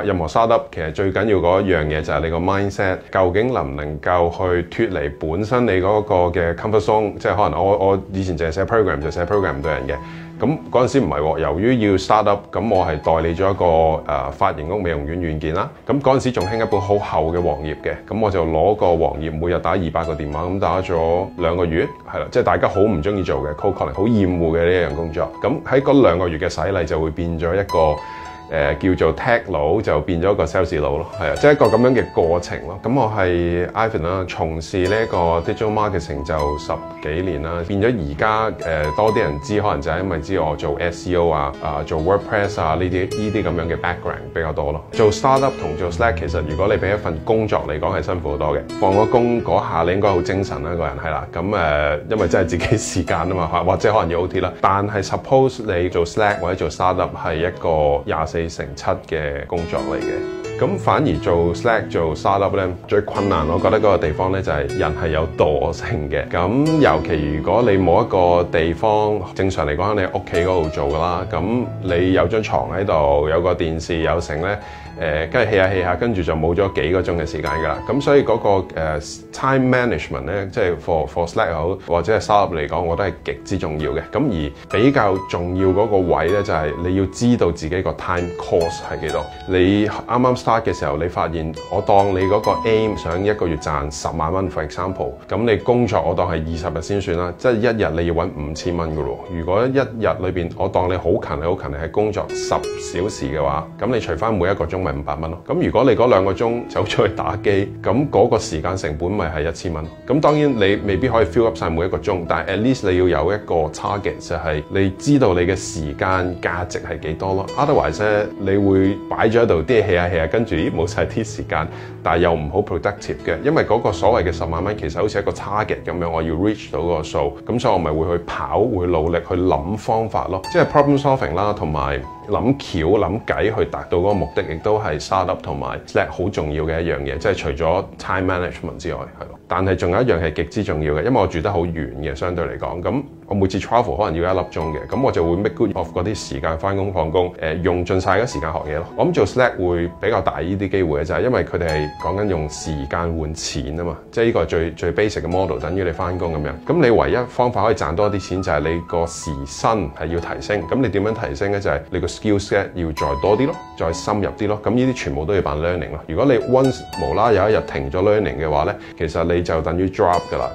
任何 startup 其實最緊要嗰一樣嘢就係你個 mindset，究竟能唔能夠去脱離本身你嗰個嘅 comfort zone，即係可能我我以前淨係寫 program 就寫 program 唔對人嘅，咁嗰陣時唔係，由於要 startup，咁我係代理咗一個誒髮型屋美容院軟件啦，咁嗰陣時仲興一本好厚嘅黃頁嘅，咁我就攞個黃頁每日打二百個電話，咁打咗兩個月，係啦，即係大家好唔中意做嘅 cold calling 好厭惡嘅呢一樣工作，咁喺嗰兩個月嘅洗禮就會變咗一個。誒、呃、叫做 Tech 佬就變咗一個 Sales 佬咯，係啊，即、就、係、是、一個咁樣嘅過程咯。咁我係 Ivan 啦，從事呢個 digital marketing 就十幾年啦，變咗而家誒多啲人知，可能就係因為知我做 SEO 啊、啊做 WordPress 啊呢啲呢啲咁樣嘅 background 比較多咯。做 startup 同做 Slack 其實如果你俾一份工作嚟講係辛苦好多嘅，放咗工嗰下你應該好精神啦、啊、個人係啦，咁誒、呃、因為真係自己時間啊嘛嚇，或者可能要 OT 啦。但係 suppose 你做 Slack 或者做 startup 係一個廿四。四成七嘅工作嚟嘅。咁反而做 slack 做 startup 咧，最困難我覺得嗰個地方咧就係、是、人係有惰性嘅。咁尤其如果你冇一個地方，正常嚟講喺你屋企嗰度做噶啦。咁你有張床喺度，有個電視有成咧，誒跟住戲下戲下，跟住就冇咗幾個鐘嘅時間噶啦。咁所以嗰、那、誒、個呃、time management 咧，即、就、係、是、for for slack 好，或者係 startup 嚟講我都係極之重要嘅。咁而比較重要嗰個位咧，就係、是、你要知道自己個 time cost 係幾多。你啱啱嘅時候，你發現我當你嗰個 aim 想一個月賺十萬蚊，for example，咁你工作我當係二十日先算啦，即係一日你要揾五千蚊嘅咯。如果一日裏邊我當你好勤力好勤力，你係工作十小時嘅話，咁你除翻每一個鐘咪五百蚊咯。咁如果你嗰兩個鐘走出去打機，咁嗰個時間成本咪係一千蚊。咁當然你未必可以 fill up 晒每一個鐘，但係 at least 你要有一個 target 就係你知道你嘅時間價值係幾多咯。Otherwise，你會擺咗喺度，啲嘢 hea 跟住，冇晒啲時間，但係又唔好 productive 嘅，因為嗰個所謂嘅十萬蚊其實好似一個 target 咁樣，我要 reach 到個數，咁所以我咪會去跑，會努力去諗方法咯，即係 problem solving 啦，同埋諗橋、諗計去達到嗰個目的，亦都係 startup 同埋叻好重要嘅一樣嘢，即係除咗 time management 之外，係咯。但係仲有一樣係極之重要嘅，因為我住得好遠嘅，相對嚟講咁。我每次 travel 可能要一粒鐘嘅，咁我就會 make good of 嗰啲時間，翻工放工，誒用盡晒嗰時間學嘢咯。我諗做 slack 會比較大呢啲機會嘅，就係因為佢哋係講緊用時間換錢啊嘛，即係呢個係最最 basic 嘅 model，等於你翻工咁樣。咁你唯一方法可以賺多啲錢就係你個時薪係要提升。咁你點樣提升咧？就係你個 skill set 要再多啲咯，再深入啲咯。咁呢啲全部都要扮 learning 咯。如果你 once 無啦有一日停咗 learning 嘅話咧，其實你就等於 drop 㗎啦。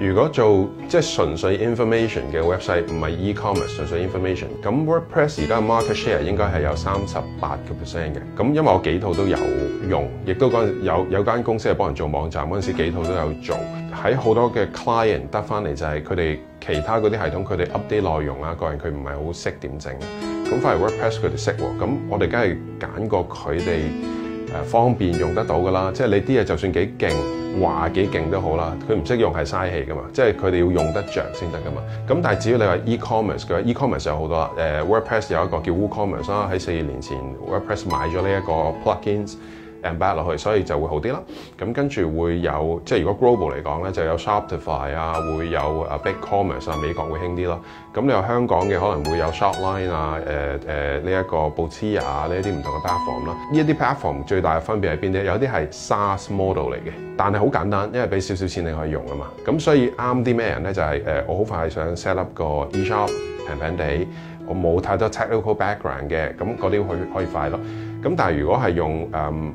如果做即係純粹 information 嘅 website，唔係 e-commerce，純粹 information，咁 WordPress 而家 market share 應該係有三十八個 percent 嘅。咁因為我幾套都有用，亦都嗰陣有有間公司係幫人做網站，嗰陣時幾套都有做。喺好多嘅 client 得翻嚟就係佢哋其他嗰啲系統佢哋 update 內容啊，個人佢唔係好識點整，咁反而 WordPress 佢哋識喎。咁我哋梗係揀過佢哋。誒方便用得到噶啦，即係你啲嘢就算幾勁，話幾勁都好啦。佢唔識用係嘥氣噶嘛，即係佢哋要用得着先得噶嘛。咁但係至於你話 E-commerce 嘅話 E-commerce 有好多誒，呃，WordPress 有一個叫 WooCommerce 啦，喺四年前，WordPress 買咗呢一個 plugins。Embed 落去，所以就會好啲啦。咁跟住會有，即係如果 global 嚟講咧，就有 Shopify 啊，會有、啊、BigCommerce 啊，美國會興啲咯。咁你話香港嘅可能會有 Shopline 啊，誒誒呢一個 Boutir 呢一啲唔同嘅 platform 啦。呢一啲 platform 最大嘅分別係邊啲？有啲係 SaaS model 嚟嘅，但係好簡單，因為俾少少錢你可以用啊嘛。咁所以啱啲咩人咧？就係、是呃、我好快想 set up 個 eShop 平平地，我冇太多 technical background 嘅，咁嗰啲可以可以快咯。咁但係如果係用、嗯.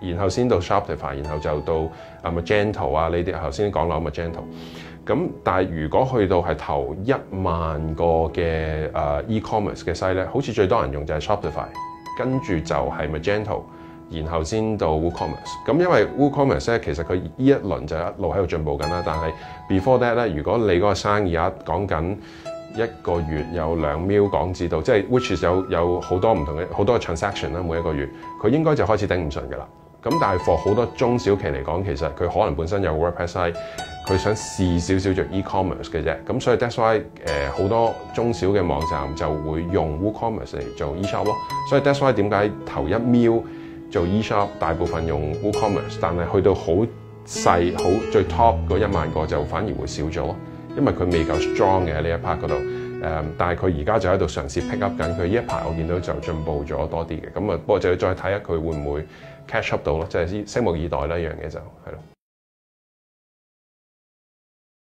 然後先到 Shopify，然後就到啊 Magento 啊呢啲，頭先講落 Magento。咁但係如果去到係頭一萬個嘅啊 e-commerce 嘅 site 咧，好似最多人用就係 Shopify，跟住就係 Magento，然後先到 WooCommerce。咁因為 WooCommerce 咧，其實佢呢一輪就一路喺度進步緊啦。但係 before that 咧，如果你嗰個生意啊講緊一個月有兩秒港紙度，即係 which is 有有好多唔同嘅好多嘅 transaction 啦，每一個月，佢應該就開始頂唔順嘅啦。咁但係，for 好多中小企嚟講，其實佢可能本身有 wordpress site，佢想試少少做 e-commerce 嘅啫。咁所以 that's why 誒好多中小嘅網站就會用 woocommerce 嚟做 e-shop 咯。所以 that's why 點解頭一秒做 e-shop 大部分用 woocommerce，但係去到好細好最 top 嗰一萬個就反而會少咗咯，因為佢未夠 strong 嘅呢一 part 嗰度誒。但係佢而家就喺度嘗試 pick up 緊佢呢一排，我見到就進步咗多啲嘅咁啊。不過就要再睇下佢會唔會。catch up 到咯，就係先拭目以待啦，一樣嘢就係咯。